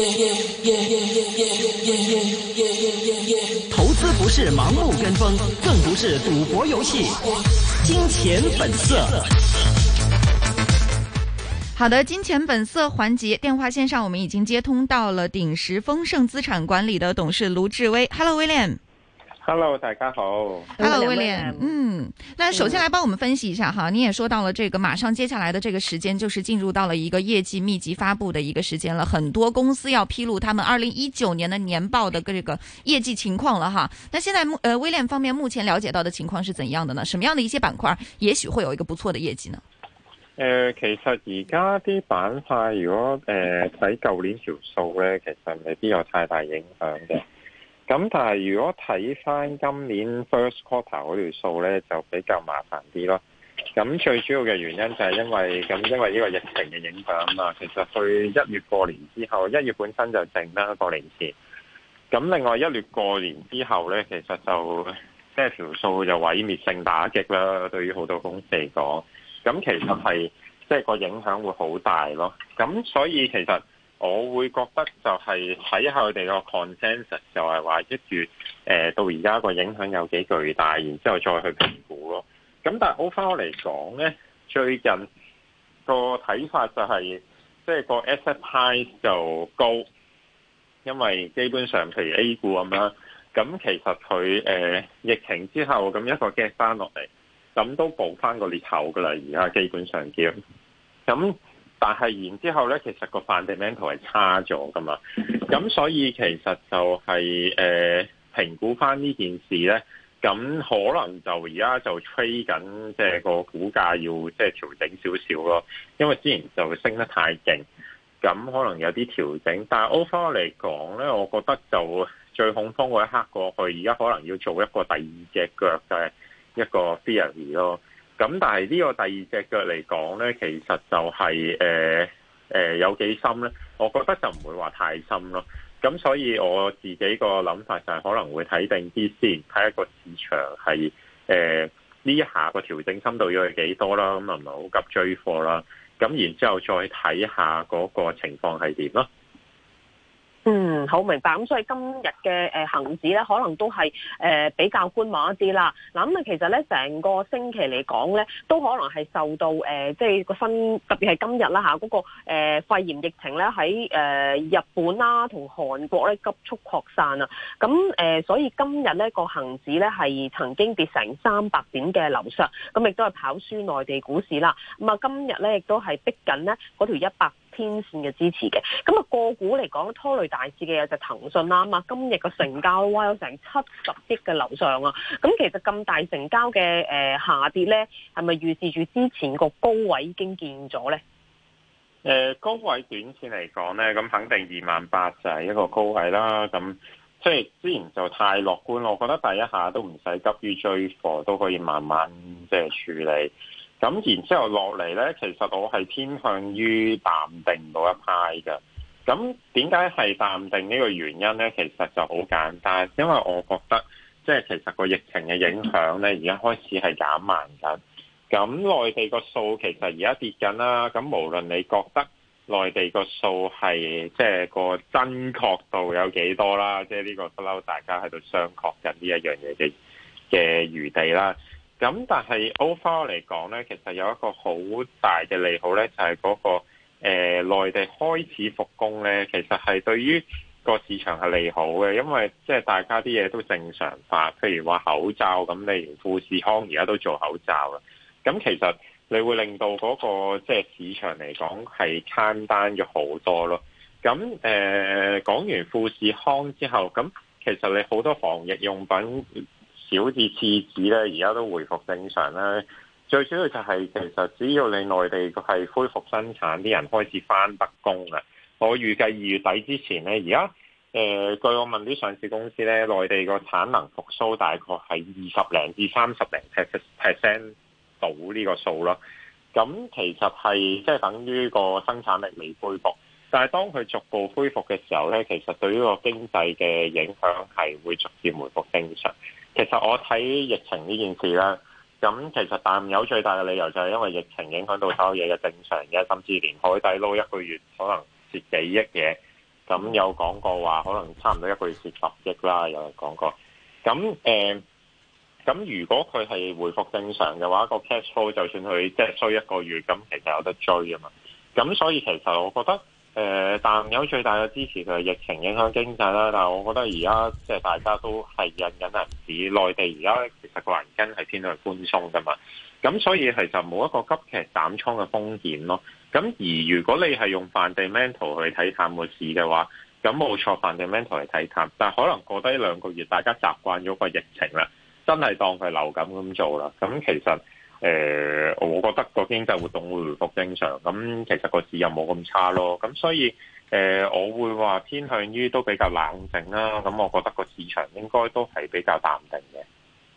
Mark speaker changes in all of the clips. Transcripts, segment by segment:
Speaker 1: Yeah, yeah, yeah, yeah, yeah, yeah, yeah,
Speaker 2: yeah. 投資不是盲目跟風，更不是賭博遊戲。金錢本色。
Speaker 3: 好的，金錢本色環節，電話線上我們已經接通到了鼎石豐盛資產管理的董事盧志威。Hello，William。hello，大家
Speaker 1: 好。hello，威廉，嗯，
Speaker 3: 那首先來幫我們分析一下哈，您也說到了這個，馬上接下來的這個時間就是進入到了一個業績密集發布的一個時間了，很多公司要披露他們二零一九年的年報的這個業績情況了哈。那現在，呃，威廉方面目前了解到的情況是怎樣的呢？什麼樣的一些板塊也許會有一個不錯的業績呢？誒、
Speaker 1: 呃，其實而家啲板塊，如果誒睇舊年條數咧，其實未必有太大影響嘅。咁但係如果睇翻今年 first quarter 嗰條數咧，就比較麻煩啲咯。咁最主要嘅原因就係因為咁，因為呢個疫情嘅影響啊嘛，其實去一月過年之後，一月本身就靜啦，過年前。咁另外一月過年之後咧，其實就即係條數就毀滅性打擊啦，對於好多公司嚟講。咁其實係即係個影響會好大咯。咁所以其實。我會覺得就係睇下佢哋個 consensus，就係話一月誒到而家個影響有幾巨大，然之後再去評估咯。咁但係 overall 嚟講咧，最近個睇法就係即係個 a s s i 就高，因為基本上譬如 A 股咁啦，咁其實佢誒疫情之後咁一個 get 翻落嚟，咁都補翻個裂口噶啦，而家基本上叫咁。但係然之後咧，其實個 fundamental 係差咗㗎嘛，咁所以其實就係、是、誒、呃、評估翻呢件事咧，咁可能就而家就吹緊，即係個股價要即係調整少少咯，因為之前就升得太勁，咁可能有啲調整。但係 overall 嚟講咧，我覺得就最恐慌嗰一刻過去，而家可能要做一個第二隻腳嘅、就是、一個 theory 咯。咁但係呢個第二隻腳嚟講呢，其實就係誒誒有幾深呢？我覺得就唔會話太深咯。咁所以我自己個諗法就係可能會睇定啲先，睇一個市場係誒呢一下個調整深度要去幾多啦。咁又唔係好急追貨啦。咁然之後再睇下嗰個情況係點啦。
Speaker 2: 嗯，好明白。咁所以今日嘅誒恆指咧，可能都係誒、呃、比較觀望一啲啦。嗱，咁啊，其實咧，成個星期嚟講咧，都可能係受到誒、呃，即係個新，特別係今日啦嚇，啊那個個、呃、肺炎疫情咧，喺、呃、誒日本啦同韓國咧急速擴散啊。咁誒、呃，所以今日咧個恆指咧係曾經跌成三百點嘅樓上，咁亦都係跑輸內地股市啦。咁啊，今日咧亦都係逼緊咧嗰條一百。天綫嘅支持嘅，咁啊，個股嚟講拖累大市嘅有就騰訊啦啊，今日個成交歪咗成七十億嘅樓上啊，咁其實咁大成交嘅誒、呃、下跌咧，係咪預示住之前個高位已經見咗咧？
Speaker 1: 誒、呃，高位短線嚟講咧，咁肯定二萬八就係一個高位啦。咁即係之前就太樂觀咯，我覺得第一下都唔使急於追貨，都可以慢慢即係、呃、處理。咁然之後落嚟呢，其實我係偏向於淡定嗰一派㗎。咁點解係淡定呢個原因呢？其實就好簡單，因為我覺得即係、就是、其實個疫情嘅影響呢，而家開始係減慢緊。咁內地個數其實而家跌緊啦。咁無論你覺得內地個數係即係個真確度有幾多啦，即係呢個不嬲大家喺度商榷緊呢一樣嘢嘅嘅餘地啦。咁但係 overall 嚟講咧，其實有一個好大嘅利好咧，就係、是、嗰、那個誒內、呃、地開始復工咧，其實係對於個市場係利好嘅，因為即係大家啲嘢都正常化，譬如話口罩咁，例如富士康而家都做口罩啦。咁其實你會令到嗰、那個即係、就是、市場嚟講係慳單咗好多咯。咁誒講完富士康之後，咁其實你好多防疫用品。小至廁紙咧，而家都回復正常啦。最主要就係、是、其實只要你內地係恢復生產，啲人開始翻北工啊。我預計二月底之前咧，而家誒據我問啲上市公司咧，內地個產能復甦大概係二十零至三十零 percent 到呢個數咯。咁其實係即係等於個生產力未恢復。但係當佢逐步恢復嘅時候咧，其實對於個經濟嘅影響係會逐漸回復正常。其實我睇疫情呢件事咧，咁其實淡友最大嘅理由就係因為疫情影響到所有嘢嘅正常嘅，甚至連海底撈一個月可能蝕幾億嘢，咁有講過話可能差唔多一個月蝕十億啦，有人講過。咁誒，咁、嗯、如果佢係回復正常嘅話，個 cash flow 就算佢即係衰一個月，咁其實有得追啊嘛。咁所以其實我覺得。誒、呃，但有最大嘅支持就係疫情影響經濟啦。但係我覺得而家即係大家都係印緊銀紙，內地而家其實個銀根係偏向寬鬆噶嘛。咁所以其實冇一個急劇斬倉嘅風險咯。咁而如果你係用 Fundamental 去睇淡個市嘅話，咁冇錯，Fundamental 嚟睇淡，但係可能過低兩個月，大家習慣咗個疫情啦，真係當佢流感咁做啦。咁其實。誒、呃，我覺得個經濟活動會回復正常，咁其實個市又冇咁差咯，咁所以誒、呃，我會話偏向於都比較冷靜啦，咁我覺得個市場應該都係比較淡定嘅。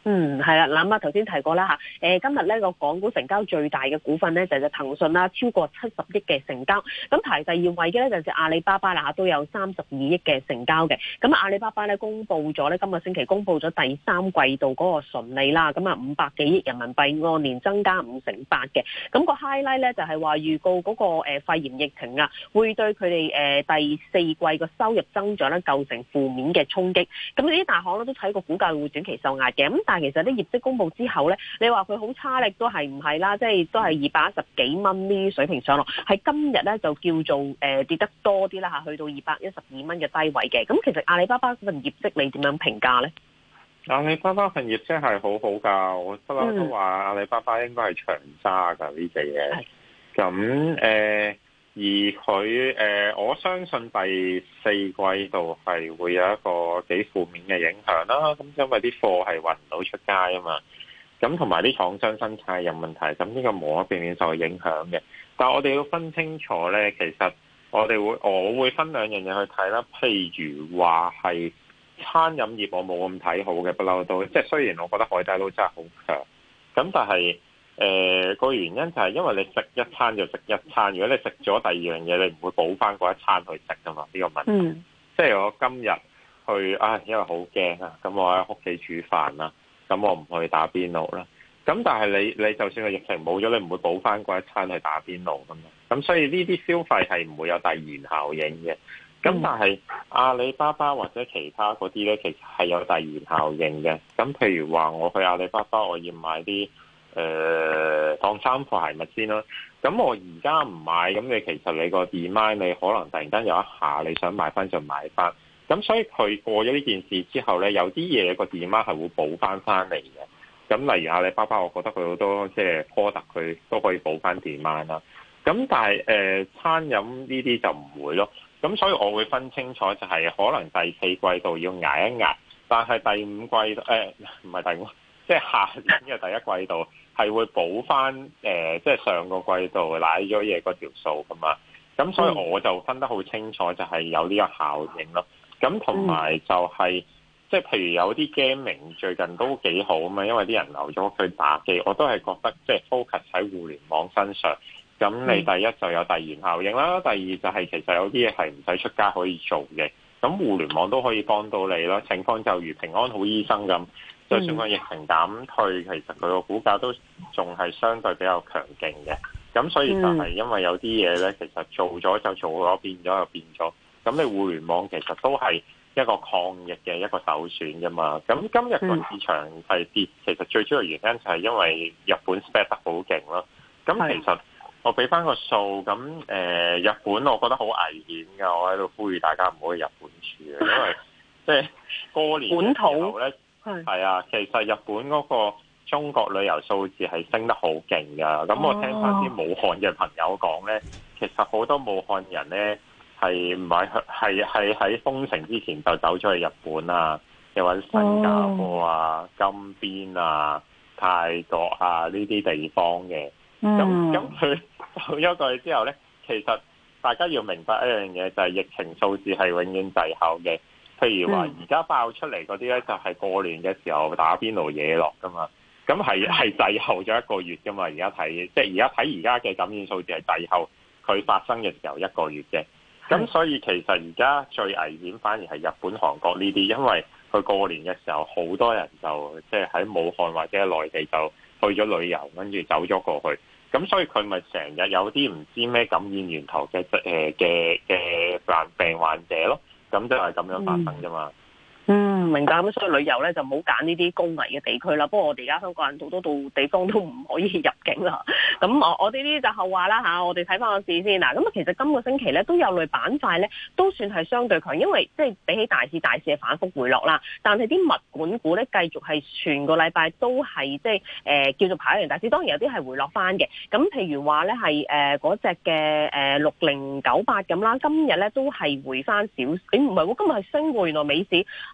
Speaker 2: 嗯，係啦，嗱咁啊，頭先提過啦、呃、今日呢個港股成交最大嘅股份呢，就係騰訊啦，超過七十億嘅成交，咁排第二位嘅咧就係、是、阿里巴巴啦嚇，都有三十二億嘅成交嘅。咁阿里巴巴咧，公布咗咧今日星期今個星期公布咗第三季度嗰個純利啦，咁啊五百幾億人民幣，按年增加五成八嘅。咁、個 highlight 咧就係話預告嗰、嗰個、呃、肺炎疫情啊，會對佢哋、呃、第四季個收入增長咧構成負面嘅衝擊。咁呢啲大行咧都睇個股價會短期受壓嘅。咁，但係其實啲業績公佈之後咧，你話佢好差力都係唔係啦？即係都係二百一十幾蚊呢啲水平上落，喺今日咧就叫做誒、呃、跌得多啲啦嚇，去到二百一十二
Speaker 1: 蚊嘅低位嘅。咁其實阿里巴巴份業績你點樣評價咧？阿里巴巴份業績係好好㗎，我不嬲都話阿里巴巴應該係長揸㗎呢隻嘢。咁誒。而佢誒、呃，我相信第四季度係會有一個幾負面嘅影響啦。咁因為啲貨係運唔到出街啊嘛，咁同埋啲廠商生產有問題，咁呢個冇可避免受影響嘅。但我哋要分清楚呢，其實我哋會，我會分兩樣嘢去睇啦。譬如話係餐飲業我，我冇咁睇好嘅，不嬲都，即係雖然我覺得海底撈真係好強，咁但係。誒、呃、個原因就係因為你食一餐就食一餐，如果你食咗第二樣嘢，你唔會補翻嗰一餐去食噶嘛？呢、呢個問題，嗯、即係我今日去啊、哎，因為好驚啊，咁我喺屋企煮飯啦，咁我唔去打邊爐啦。咁但係你你就算個疫情冇咗，你唔會補翻嗰一餐去打邊爐噶嘛？咁所以呢啲消費係唔會有第二效應嘅。咁但係阿里巴巴或者其他嗰啲咧，其實係有第二效應嘅。咁譬如話，我去阿里巴巴，我要買啲，誒、呃、當衫褲鞋襪先啦，咁我而家唔買，咁你其實你個 demand，你可能突然間有一下你想買翻就買翻，咁所以佢過咗呢件事之後咧，有啲嘢個 demand 係會補翻翻嚟嘅。咁例如阿里巴巴，我覺得佢好多即係波特，佢都可以補翻 demand 啦。咁但係誒、呃、餐飲呢啲就唔會咯。咁所以我會分清楚，就係可能第四季度要捱一捱，但係第五季度誒唔係第五，即係下年嘅第一季度。係會補翻誒，即、呃、係、就是、上個季度瀨咗嘢嗰條數噶嘛，咁所以我就分得好清楚，就係有呢個效應咯。咁同埋就係、是，即、嗯、係譬如有啲 game 名最近都幾好啊嘛，因為啲人流咗佢打機，我都係覺得即係、就是、focus 喺互聯網身上。咁你第一就有第二效應啦，第二就係其實有啲嘢係唔使出街可以做嘅，咁互聯網都可以幫到你啦。情況就如平安好醫生咁。就算個疫情減退，其實佢個股價都仲係相對比較強勁嘅。咁所以就係因為有啲嘢咧，其實做咗就做咗，變咗就變咗。咁你互聯網其實都係一個抗疫嘅一個首選噶嘛。咁今日個市場係跌，其實最主要原因就係因為日本 spread 得好勁咯。咁其實我俾翻個數，咁誒日本我覺得好危險㗎。我喺度呼籲大家唔好去日本住啊，因為即係過年時候咧。係啊，其實日本嗰個中國旅遊數字係升得好勁噶。咁、哦、我聽翻啲武漢嘅朋友講咧，其實好多武漢人咧係唔係係喺封城之前就走咗去日本啊，又或者
Speaker 2: 新加坡
Speaker 1: 啊、金邊啊、泰國啊呢啲地方嘅。
Speaker 2: 咁
Speaker 1: 咁佢走咗過去之後咧，其實大家要明白一樣嘢，就係、是、疫情數字係永遠滯後嘅。譬如話，而家爆出嚟嗰啲呢，就係過年嘅時候打邊爐嘢落㗎嘛，咁係係滯後咗一個月㗎嘛。而家睇，即係而家睇而家嘅感染數字係滯後佢發生嘅時候一個月嘅。咁所以其實而家最危險反而係日本、韓國呢啲，因為佢過年嘅時候好多人就即係喺武漢或者內地就去咗旅遊，跟住走咗過去。咁所以佢咪成日有啲唔知咩感染源頭嘅誒嘅嘅患病患者咯。咁就係咁樣發生㗎嘛。明㗎，咁所以旅遊咧就唔好揀呢啲高危嘅地
Speaker 2: 區啦。不過我哋而家香港人好多到地方都唔可以入境啦。咁、嗯、我我呢啲就後話啦嚇、啊。我哋睇翻個市先嗱。咁啊其實今個星期咧都有類板塊咧都算係相對強，因為即係比起大市大市嘅反覆回落啦。但係啲物管股咧繼續係全個禮拜都係即係誒叫做跑贏大市。當然有啲係回落翻嘅。咁譬如話咧係誒嗰隻嘅誒六零九八咁啦。今日咧都係回翻少，唔係，今日係升喎。原來美市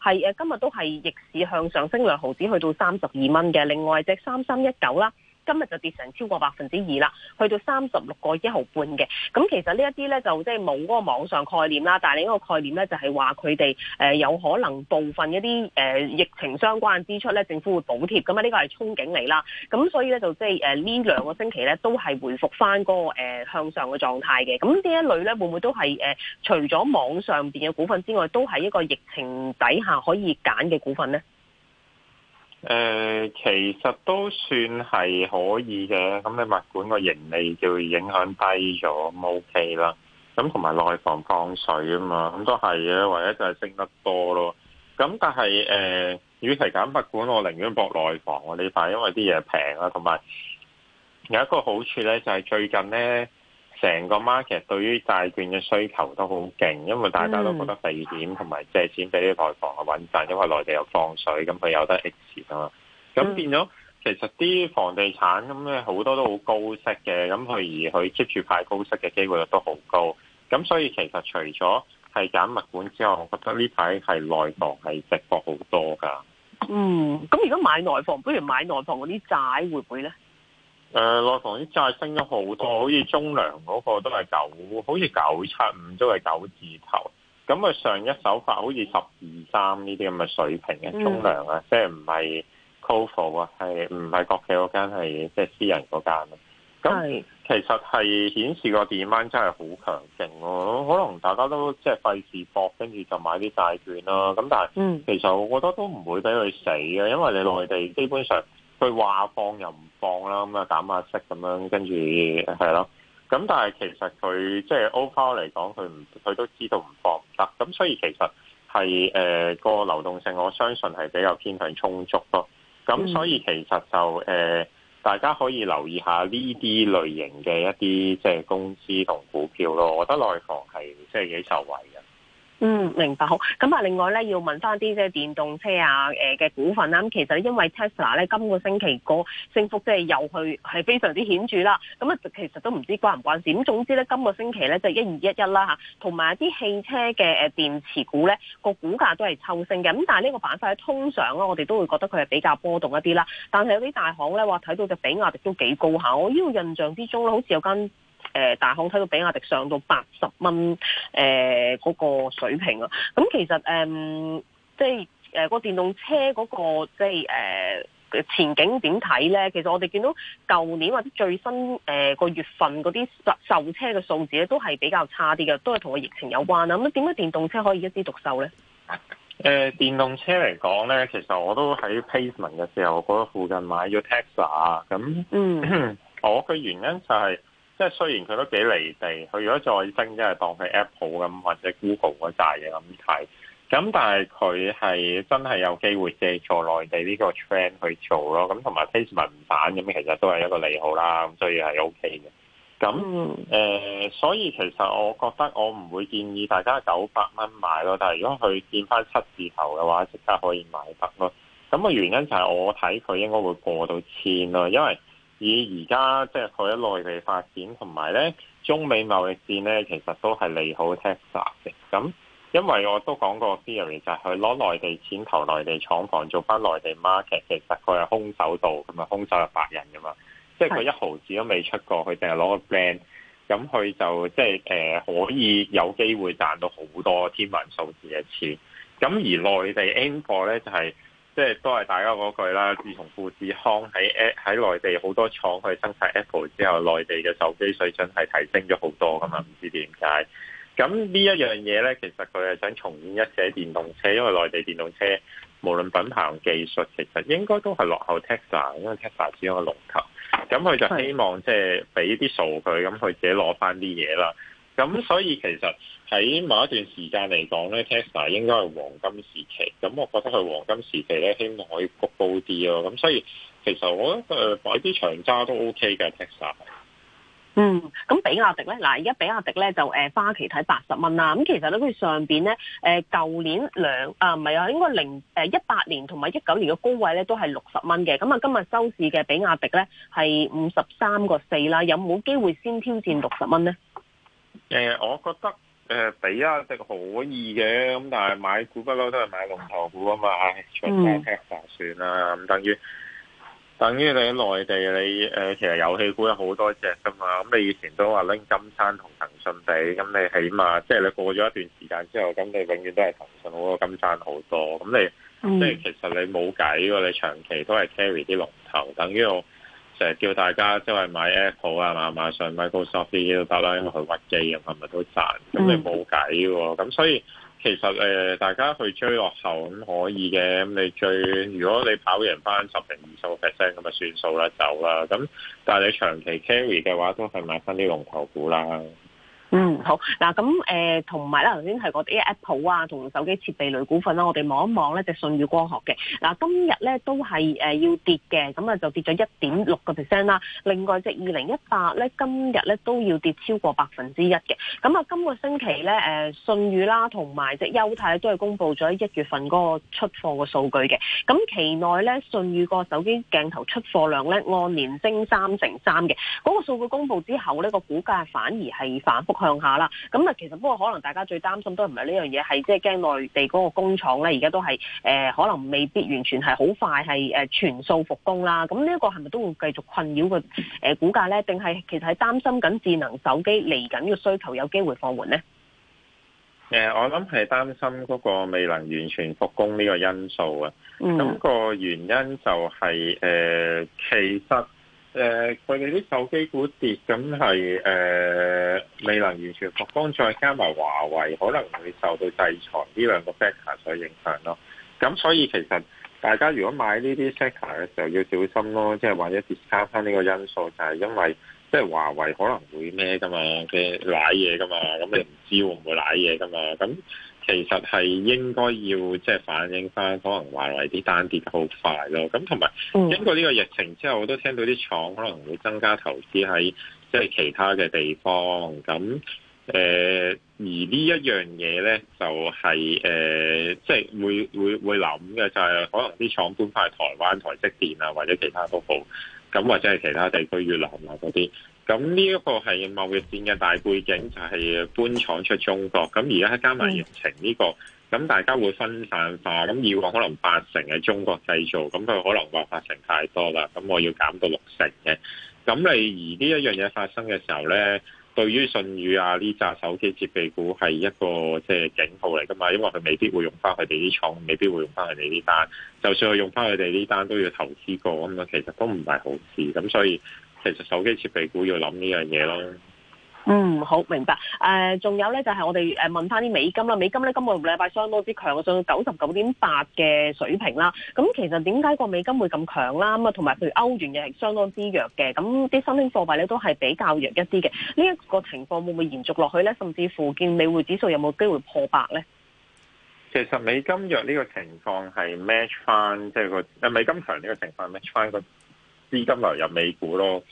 Speaker 2: 係誒今。今日都係逆市向上，升兩毫子去到三十二蚊嘅，另外隻三三一九啦。今日就跌成超過百分之二啦，去到三十六個一毫半嘅。咁其實呢一啲咧就即係冇嗰個網上概念啦，但係另一個概念咧就係話佢哋有可能部分一啲疫情相關支出咧，政府會補貼。咁啊，呢個係憧憬嚟啦。咁所以咧就即係呢兩個星期咧都係回復翻嗰個向上嘅狀態嘅。咁呢一類咧會唔會都係除咗網上邊嘅股份之外，都係一個疫情底下可以揀嘅股份咧？
Speaker 1: 誒、呃，其實都算係可以嘅，咁你物管個盈利就會影響低咗，冇計啦。咁同埋內房放水啊嘛，咁都係嘅，或者就係升得多咯。咁但係誒，與其揀物管，我寧願博內房呢排，因為啲嘢平啊，同埋有一個好處咧，就係最近咧。成個 market 對於債券嘅需求都好勁，因為大家都覺得避險，同、嗯、埋借錢俾啲內房係穩陣，因為內地有放水，咁佢有得息錢啊嘛。咁變咗，其實啲房地產咁咧好多都好高息嘅，咁佢而佢 keep 住派高息嘅機會率都好高。咁所以其實除咗係揀物管之外，我覺得呢排係內房係值博好多噶。嗯，
Speaker 2: 咁如果買內房，不如買內房嗰啲債會唔會咧？
Speaker 1: 誒內房啲債升咗好多，好似中糧嗰個都係九，好似九七五都係九字頭。咁啊上一手法好似十二三呢啲咁嘅水平嘅、mm. 中糧啊，即係唔係 COFCO 啊，係唔係國企嗰間係即係私人嗰間。咁、mm. 其實係顯示個 demand 真係好強勁咯、啊。可能大家都即係費事搏，跟住就買啲債券啦、啊。咁但係、mm. 其實我覺得都唔會俾佢死嘅、啊，因為你內地、mm. 基本上。佢話放又唔放啦，咁啊減下息咁樣，跟住係咯。咁但係其實佢即係 overall 嚟講，佢唔佢都知道唔放唔得。咁所以其實係誒個流動性，我相信係比較偏向充足咯。咁所以其實就誒、呃、大家可以留意下呢啲類型嘅一啲即係公司同股票咯。我覺得內房係即係幾受惠。
Speaker 2: 嗯，明白好。咁啊，另外咧，要問翻啲即係電動車啊，誒、呃、嘅股份啦。咁其實因為 Tesla 咧，今個星期個升幅即係又去係非常之顯著啦。咁啊，其實都唔知關唔關事。咁總之咧，今個星期咧就是啊、一二一一啦吓，同埋啲汽車嘅誒電池股咧個股價都係抽升嘅。咁但係呢個板塊通常啦、啊，我哋都會覺得佢係比較波動一啲啦。但係有啲大行咧話睇到嘅比亞迪都幾高下、啊。我呢個印象之中咧，好似有間。呃、大行睇到比亞迪上到八十蚊誒嗰個水平啊。咁、嗯、其實誒、嗯、即係誒個電動車嗰、嗰個即係誒、呃、前景點睇咧？其實我哋見到舊年或者最新誒、呃、個月份嗰啲售售車嘅數字咧，都係比較差啲嘅，都係同個疫情有關啊。咁點解電動車可以一枝獨秀咧？
Speaker 1: 誒、呃、電動車嚟講咧，其實我都喺 payment 嘅時候，我、那、喺、個、附近買咗 Tesla。咁、嗯、 我嘅原因就係、係。即係雖然佢都幾離地，佢如果再升，即係當佢 Apple 咁或者 Google 嗰扎嘢咁睇，咁但係佢係真係有機會借助內地呢個 trend 去做咯。咁同埋 Facebook 唔反咁，其實都係一個利好啦。咁所以係 OK 嘅。咁誒、呃，所以其實我覺得我唔會建議大家九百蚊買咯。但係如果佢見翻七字頭嘅話，即刻可以買得咯。咁個原因就係我睇佢應該會過到千咯，因為。以而家即係佢喺內地發展，同埋咧中美貿易戰咧，其實都係利好 Tesla 嘅。咁因為我都講過 theory 就係佢攞內地錢投內地廠房，做翻內地 market，其實佢係空手道，咁咪空手入白刃噶嘛。即係佢一毫子都未出過，佢淨係攞個 brand，咁佢就即係、就係呃、可以有機會賺到好多天文數字嘅錢。咁而內地 N 貨咧就係、係。即係都係大家嗰句啦。自從富士康喺喺內地好多廠去生產 Apple 之後，內地嘅手機水準係提升咗好多噶嘛？唔知點解。咁呢一樣嘢咧，其實佢係想重演一啲電動車，因為內地電動車無論品牌同技術，其實應該都係落後 Tesla，因為 Tesla 只係一個龍頭。咁佢就希望即係俾啲數據，咁佢自己攞翻啲嘢啦。咁所以其實喺某一段時間嚟講咧，Tesla 應該係黃金時期。咁我覺得佢黃金時期咧，希望可以谷高啲咯、哦。咁所以其實我覺得、呃、擺啲長揸都 OK 嘅 Tesla 嗯，
Speaker 2: 咁比亞迪咧，嗱而家比亞迪咧就花旗睇八十蚊啦。咁其實咧，佢上邊咧誒舊年兩啊唔係啊，應該零一八年同埋一九年嘅高位咧都係六十蚊嘅。咁啊，今日收市嘅比亞迪咧係五十三個四啦。有冇機會先挑戰六十蚊咧？
Speaker 1: 誒、嗯，我覺得誒、呃、比亞迪可以嘅，咁但係買股不嬲都係買龍頭股啊嘛，做翻吃飯算啦。咁等於等於你喺內地你誒、呃，其實遊戲股有好多隻噶嘛。咁你以前都話拎金山同騰訊比，咁你起碼即係、就是、你過咗一段時間之後，咁你永遠都係騰訊好過金山好多。咁你即係其實你冇計㗎，你長期都係 carry 啲龍頭，等於我。成日叫大家即係買 Apple 啊，嘛，買上 Microsoft 啲都得啦，因為佢屈機咁係咪都賺？咁你冇計喎。咁所以其實誒、呃，大家去追落後咁可以嘅。咁你最如果你跑贏翻十成二十個 percent 咁啊，算數啦，走啦。咁但係你長期 carry 嘅話，都係買翻啲龍頭股啦。
Speaker 2: 嗯，好嗱，咁誒，同埋啦，頭先係嗰啲 Apple 啊，同手機設備類股份啦，我哋望一望咧隻舜宇光學嘅，嗱，今日咧都係誒要跌嘅，咁啊就跌咗一點六個 percent 啦。另外隻二零一八咧，今日咧都要跌超過百分之一嘅。咁啊，今個星期咧，誒舜宇啦，同埋隻丘鈦都係公布咗一月份嗰個出貨嘅數據嘅。咁期內咧，舜宇個手機鏡頭出貨量咧按年升三成三嘅。嗰、那個數據公布之後咧，個股價反而係反覆向下啦，咁啊，其實不過可能大家最擔心都唔係呢樣嘢，係即係驚內地嗰個工廠咧，而家都係誒可能未必完全係好快係誒全數復工啦。咁呢一個係咪都會繼續困擾個誒股價咧？定係其實係擔心緊智能手機嚟緊嘅需求有機會放緩咧？
Speaker 1: 誒、呃，我諗係擔心嗰個未能完全復工呢個因素啊。咁、那個原因就係、是、誒、呃，其實誒佢哋啲手機股跌、就是，咁係誒。未能完全復工，再加埋華為可能會受到制裁，呢兩個 sector 所影響咯。咁所以其實大家如果買呢啲 sector 嘅時候要小心咯，即係或者 discount 翻呢個因素，就係、是、因為即係華為可能會咩㗎嘛，嘅瀨嘢㗎嘛，咁你唔知會唔會瀨嘢㗎嘛。咁其實係應該要即係反映翻，可能華為啲單跌得好快咯。咁同埋經過呢個疫情之後，我都聽到啲廠可能會增加投資喺。即係其他嘅地方，咁誒而呢一樣嘢咧，就係誒即係會會會諗嘅，就係可能啲廠搬翻去台灣、台積電啊，或者其他都好，咁或者係其他地區越南啊嗰啲，咁呢一個係貿易戰嘅大背景，就係搬廠出中國。咁而家加埋疫情呢個，咁大家會分散化。咁以往可能八成係中國製造，咁佢可能話八成太多啦，咁我要減到六成嘅。咁你而呢一樣嘢發生嘅時候呢，對於信譽啊呢扎手機設備股係一個即係警號嚟噶嘛，因為佢未必會用翻佢哋啲廠，未必會用翻佢哋啲單。就算佢用翻佢哋啲單，都要投資過咁樣，其實都唔係好事。咁所以其實手機設備股要諗呢樣嘢咯。
Speaker 2: 嗯，好明白。誒、呃，仲有咧，就係、是、我哋誒問翻啲美金啦。美金咧，今個禮拜相當之強，上到九十九點八嘅水平啦。咁其實點解個美金會咁強啦？咁啊，同埋譬如歐元又係相當之弱嘅。咁啲新興貨幣咧都係比較弱一啲嘅。呢、這、一個情況會唔會延續落去咧？甚至乎見美匯指數有冇機會破百咧？
Speaker 1: 其實美金弱呢個情況係 match 翻，即係個美金強呢個情況 match 翻個資金流入美股咯。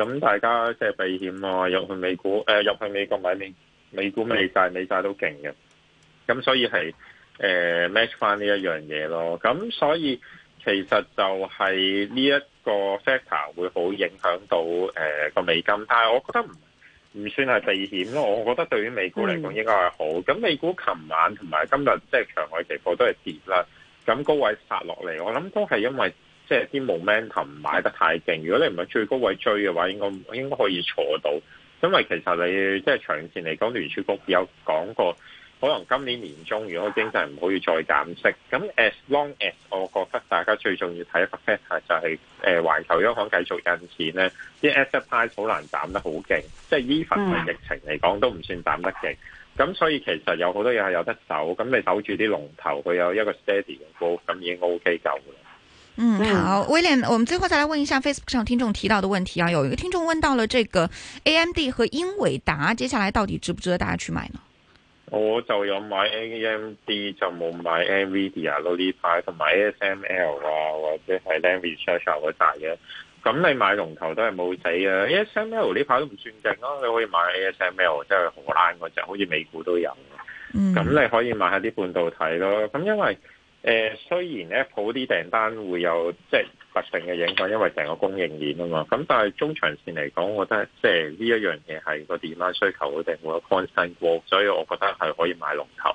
Speaker 1: 咁大家即係避險啊，入去美股，誒、呃、入去美國買咩？美股美債美債都勁嘅，咁所以係 match 翻呢一樣嘢咯。咁所以其實就係呢一個 factor 會好影響到個、呃、美金，但係我覺得唔唔算係避險咯。我覺得對於美股嚟講應該係好。咁美股琴晚同埋今日即係場外期貨都係跌啦，咁高位殺落嚟，我諗都係因為。即係啲 momentum 買得太勁，如果你唔係最高位追嘅話，應，應該可以坐到。因為其實你即係長線嚟講，聯儲局有講過，可能今年年中如果經濟唔可以再減息。咁 as long as 我覺得大家最重要睇一個 factor 就係，呃，環球央行繼續印錢咧，啲 asset price 好難斬得好勁。即係 even 係疫情嚟講都唔算斬得勁。咁所以其實有好多嘢係有得走。咁你守住啲龍頭，佢有一個 steady 嘅波，咁已經 O K 夠嘅。
Speaker 3: 嗯，好，William，我們最後再來問一下 Facebook 上聽眾提到的問題啊，有一個聽眾問到了這個 AMD 和英偉達，接下來到底值不值得大家去買呢？
Speaker 1: 我就有買 AMD，就冇買 NVIDIA 嗰啲牌，同埋 ASML 啊，或者係 Research 嗰啲嘅。咁你買龍頭都係冇仔啊，ASML 呢排都唔算勁咯，你可以買 ASML，即係荷蘭嗰隻，好似美股都有。嗯，
Speaker 3: 咁你
Speaker 1: 可以買一下啲半導體咯，咁因為。誒雖然咧，Apple 啲訂單會有即係特性嘅影響，因為成個供應鏈啊嘛。咁但係中長線嚟講，我覺得即係呢一樣嘢係個 demand 需求一定會有 concentrate 過，所以我覺得係可以買龍頭。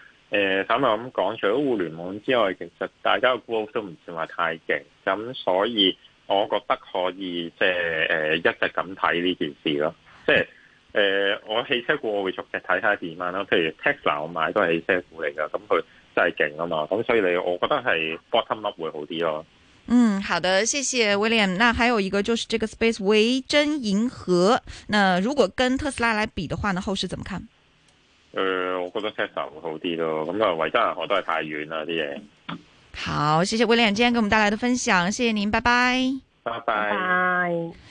Speaker 1: 誒、呃，稍微咁講，除咗互聯網之外，其實大家嘅 growth 都唔算話太勁，咁所以我覺得可以即係誒一直咁睇呢件事咯。即係誒、呃，我汽車股我會逐隻睇下點樣咯。譬如 t 特斯拉我買都係汽車股嚟噶，咁佢真係勁啊嘛。咁所以你我覺得係 bottom up 會好啲咯。嗯，
Speaker 3: 好的，謝謝 William。那還有一個就是這個 Space 維珍銀河，那如果跟特斯拉來比的話呢，後市怎麼看？
Speaker 1: 誒、呃，我覺得 Tesla 會好啲咯，咁啊，維珍銀河都係太遠啦啲嘢。
Speaker 3: 好，謝謝威廉，今天給我們帶來的分享，謝謝您，拜拜，
Speaker 1: 拜拜。Bye
Speaker 3: bye。